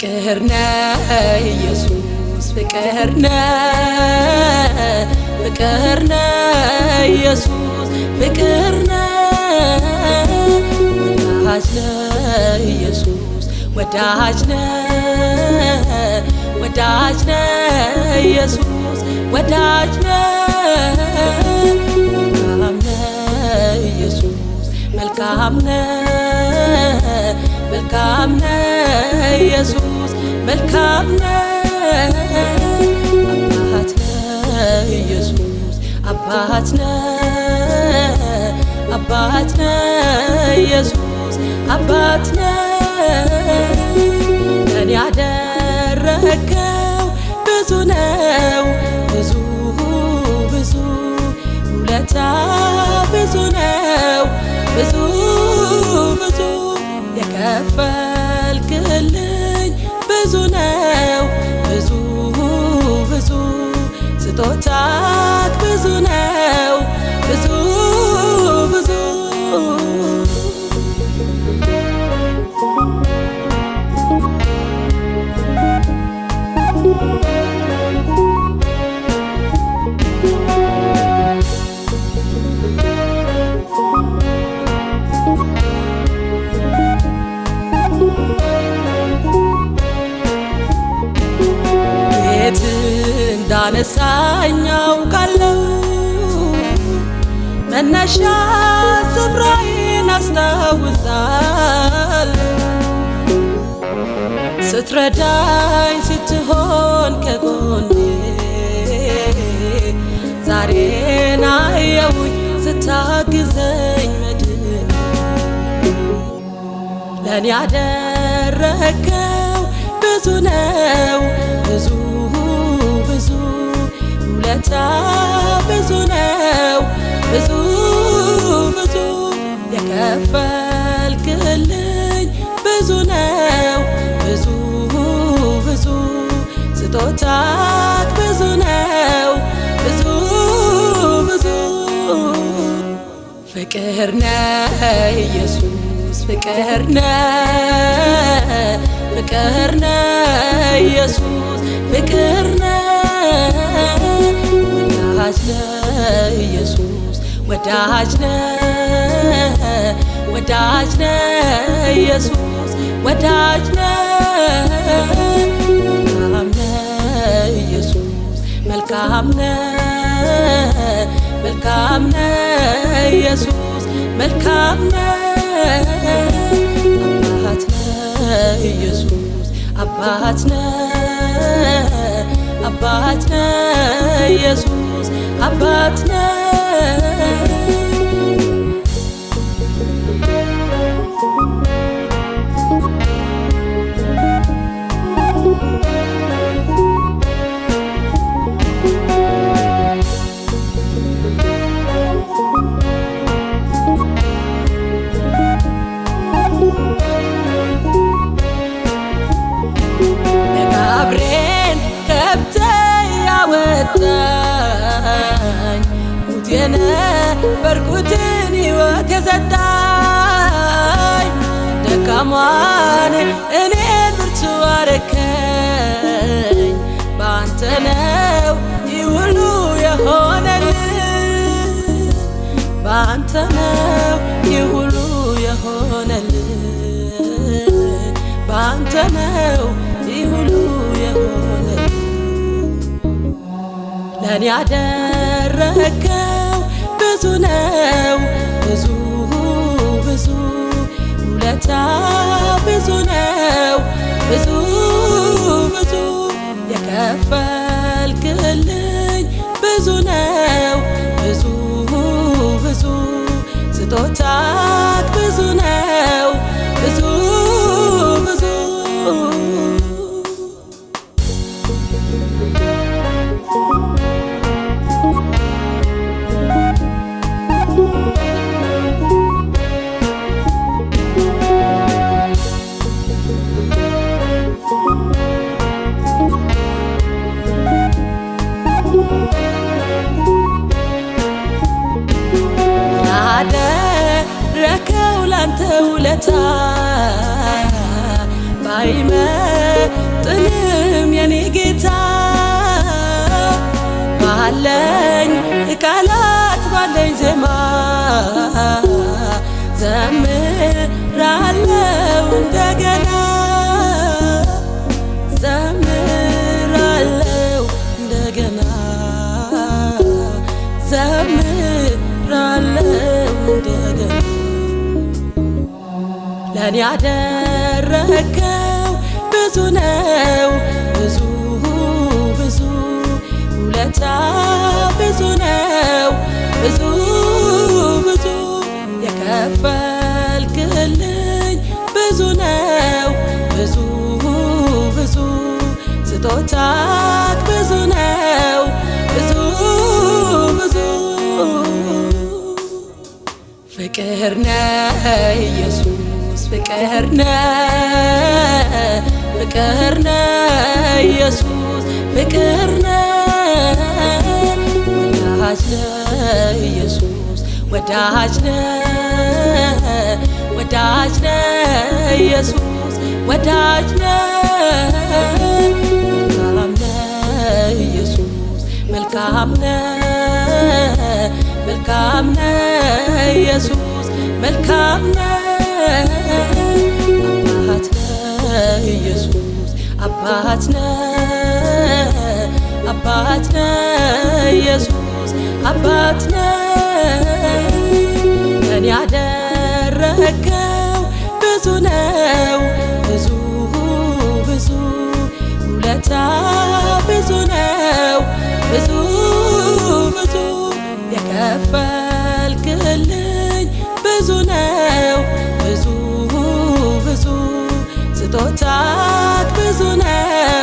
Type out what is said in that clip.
ፍቅር ነ ኢየሱስ ፍቅር ነህ ፍቅር ነ ኢየሱስ ፍቅር ነህ ወዳጅ ነህ ኢየሱስ ወዳጅ ነህ ወዳጅ ነህ ኢየሱስ ወዳጅ ነህ መልካም ነህ ኢየሱስ መልካም ነህ መልካም ነ ኢየሱስ መልካም ነህ አባት ነህ ኢየሱስ አባት ነ አባት ነህ ኢየሱስ አባት ነህ ለኔ ያደረከው ብዙ ነው ብዙ ብዙ ውለታ ብዙ ነው ብዙ የከፈልክልኝ ብዙ ነው ብዙ ብዙ ስጦታ እንዳነሳኝ አውቃለሁ። መነሻ ስፍራዬን አስታውሳለሁ። ስትረዳኝ ስትሆን ከጎኔ ዛሬን አየሁኝ ስታግዘኝ መድን ለእኔ ያደረከው ብዙ ነው ብዙ ውለታ ብዙ ነው ብዙ ብዙ የከፈልክልኝ ብዙ ነው ብዙ ብዙ ስጦታክ ብዙ ነው ብዙ ብዙ ፍቅር ነህ ኢየሱስ ፍቅር ነህ ፍቅር ነህ ኢየሱስ ፍቅር ነህ ወዳጅ ነ ኢየሱስ ወዳጅ ነህ ወዳጅ ነ ኢየሱስ ወዳጅ ነህ መልካም ነህ ኢየሱስ መልካም ነ መልካም ነ ኢየሱስ መልካም ነህ አባት ነህ ኢየሱስ አባት ነህ አባት ነህ ኢየሱስ But now. የነበርኩትን ህይወት የሰጣኝ ደካማን እኔ ብርቱ አረከኝ። በአንተ ነው ይህ ሁሉ የሆነልን፣ በአንተ ነው ይህ ሁሉ የሆነልን፣ በአንተ ነው ይህ ሁሉ የሆነልን ለእኔ አደረከ ብዙ ነው ብዙ ብዙ ውለታ ብዙ ነው ብዙ ብዙ የከፈልክልኝ ብዙ ነው ብዙ ብዙ ስጦታክ ብዙ ነው ባለኝ ቃላት ባለኝ ዜማ ዘምራለው እንደገና ዘምራለው እንደገና ዘምራለው እንደገና ለእኔ ያደረከው ብዙ ነው ብዙ ይቅርታ ብዙ ነው ብዙ ብዙ የከፈልክልኝ ብዙ ነው ብዙ ብዙ ስጦታክ ብዙ ነው ብዙ ብዙ ፍቅር ኢየሱስ ፍቅር ፍቅር ኢየሱስ ፍቅር ወዳጅ ነህ ኢየሱስ ወዳጅ ነህ ወዳጅ ነህ ኢየሱስ ወዳጅ ነህ መልካም ነህ ኢየሱስ መልካም ነህ መልካም ነህ ኢየሱስ መልካም ነህ አባት ነህ ኢየሱስ አባት ነህ አባትነ ኢየሱስ አባትነ እኔ ያደረገው ብዙ ነው ብዙ ብዙ ውለታ ብዙ ነው ብዙ ብዙ የከፈልክልኝ ብዙ ነው ብዙ ብዙ ስጦታክ ብዙ ነው